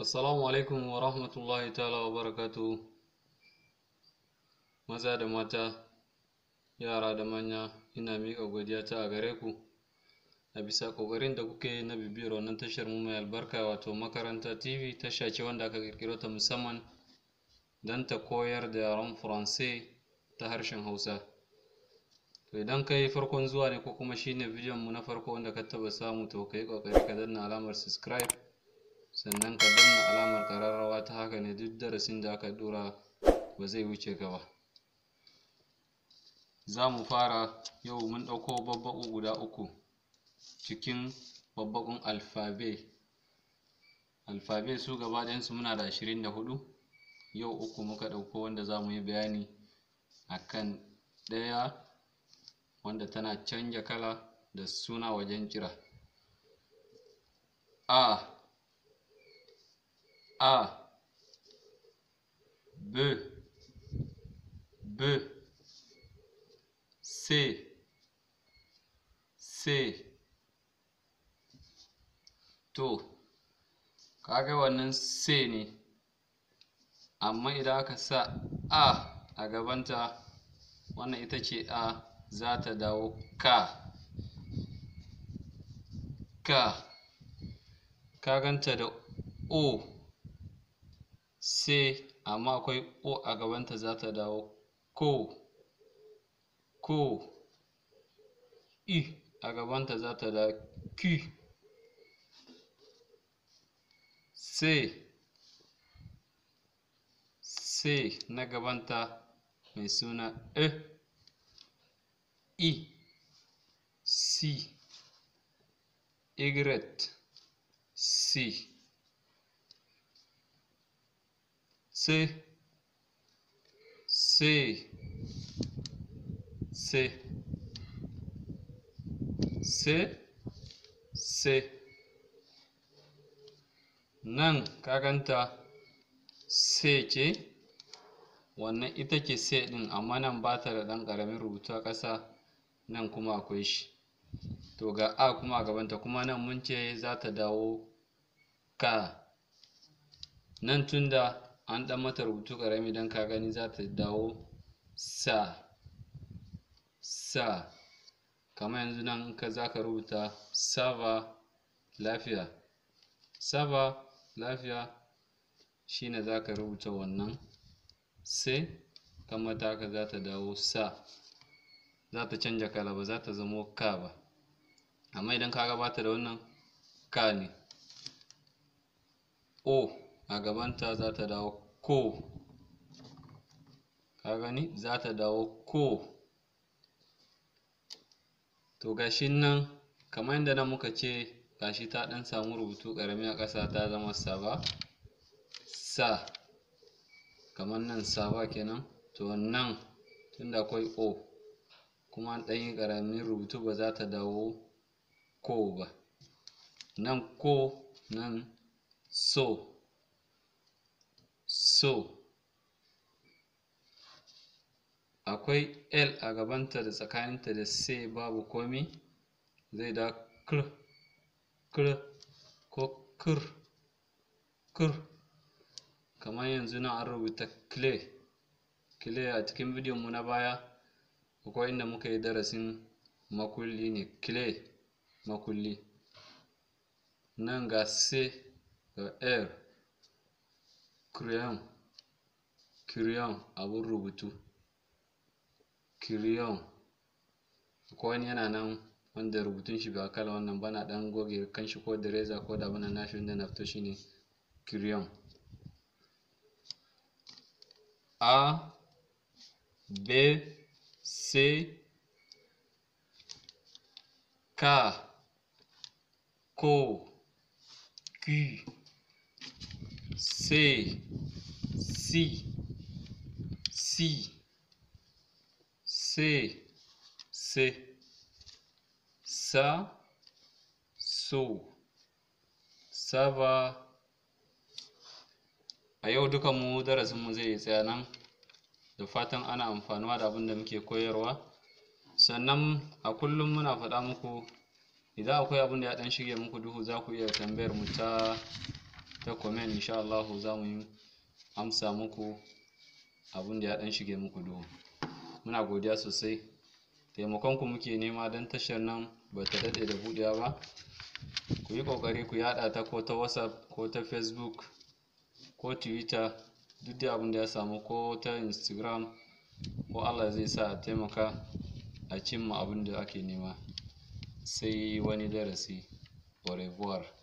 assalamu alaikum wa rahmatullahi ta'ala wa barakatu maza da mata yara da manya ina miƙa godiya ta a gare ku a bisa ƙoƙarin da kuke na bibiyar wannan tashar mu mai albarka wato makaranta tv tasha ce wanda aka ƙirƙiro ta musamman don ta koyar da yaran faransai ta harshen hausa to idan kai farkon zuwa ne ko kuma shine bidiyon mu na farko wanda ka taɓa samu to kai ƙoƙari ka danna alamar subscribe sannan ka danna alamar ƙararrawa ta haka ne duk darasin da aka ɗora ba zai wuce ka ba za mu fara yau mun ɗauko babbaƙo guda uku cikin babbaƙon alfabe alfabe su gaba ɗayansu muna da ashirin da hudu yau uku muka ɗauko wanda za mu yi bayani a kan ɗaya wanda tana canja kala da suna wajen ƙira a A B B C C to kaga wannan C ne amma idan aka sa A a gabanta wannan ita ce A za ta dawo ka ka ka ganta da O sai amma akwai o a gabanta za ta dawo ko ko i a gabanta za ta dawo ki sai sai na gabanta mai suna e i C. y C. C C C C C nan ka ganta C ce wannan ita ce C ɗin amma nan ba ta da ɗan ƙaramin rubutu a ƙasa nan kuma akwai shi to ga A kuma a gabanta kuma nan mun ce za ta dawo ka nan tun da. an dan mata rubutu karami don ka gani za ta dawo sa sa kamar yanzu nan ka za ka rubuta sava lafiya sava lafiya shine za ka rubuta wannan sai kamar ta haka za ta dawo sa za ta canja kala ba za ta zamo ka ba amma idan ka gabata da wannan ka ne o a gabanta za ta dawo ko ka gani za ta dawo ko to gashin nan kamar yadda nan muka ce gashi ta ɗan samu rubutu ƙarami a ƙasa ta zama saba sa kamar nan saba kenan to nan tunda akwai o kuma an ɗan yi ƙaramin rubutu ba za ta dawo ko ba nan ko nan so so akwai l a gabanta da tsakaninta da c babu komi zai da kr kr ko kr kr kamar yanzu na an rubuta clay clay a cikin bidiyon mu na baya akwai inda muka yi darasin makulli ne clay makulli nan ga c ga r crayon crayon abun rubutu crayon akwai wani yana nan wanda rubutun shi ba kalan wannan ba na ɗan goge kanshi ko da reza ko da abin nan nashi wanda na fito ne crayon A B C K K Q C C C C C ça so ça va a yau dukan mu darasin mu zai tsaya nan da fatan ana amfanuwa da abin da muke koyarwa sannan a kullum muna faɗa muku idan akwai abin da ya ɗan shige muku duhu za ku iya tambayar mu ta ta comment insha Allah za mu yi amsa muku abin da ya dan shige muku duhu muna godiya sosai taimakon ku muke nema don tashar nan ba ta daɗe da buɗewa ba ku yi ƙoƙari ku yaɗa ta ko ta whatsapp ko ta facebook ko twitter duk da abin da ya samu ko ta instagram ko allah zai sa a taimaka a cimma abin da ake nema sai wani darasi au revoir